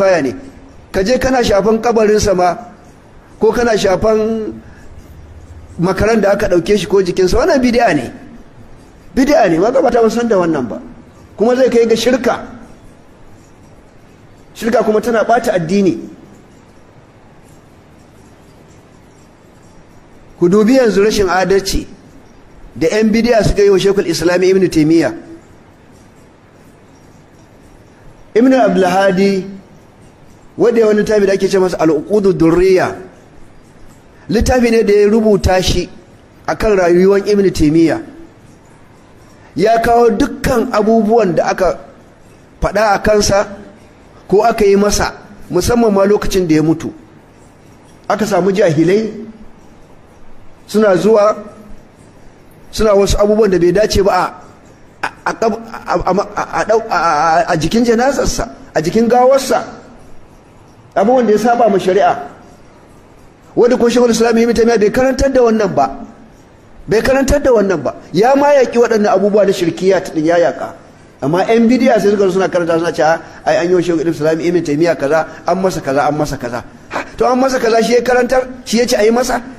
baya ne ka je kana shafan kabarin ma ko kana shafan makaran da aka dauke shi ko jikinsa wannan bidi'a ne bidi'a ne ma gabata ba san da wannan ba kuma zai kai ga shirka shirka kuma tana ɓata addini ku dubi yanzu rashin adalci da 'yan bidiya suka yi wa shekul islami ibn taimiyya ibn abdulhadi wadda wani littafi da ake ce masa al'ukudu durriya littafi ne da ya rubuta shi a kan rayuwar ibn temiya ya kawo dukkan abubuwan da aka faɗa a kansa ko aka yi masa musamman ma lokacin da ya mutu aka samu jahilai suna zuwa suna wasu abubuwan da bai dace ba a jikin janazarsa a jikin gawarsa abin wanda ya saba ma shari'a wanda ko shekul islam ibn taymiya bai karantar da wannan ba bai karantar da wannan ba ya ma yaki waɗannan abubuwa na shirkiya ta ya yaƙa amma yan bidiya sai suka suna karanta suna cewa ah, ai an yi shekul islam ibn taymiya kaza an masa kaza an masa kaza to an masa kaza shi ya karantar shi ya ce ai masa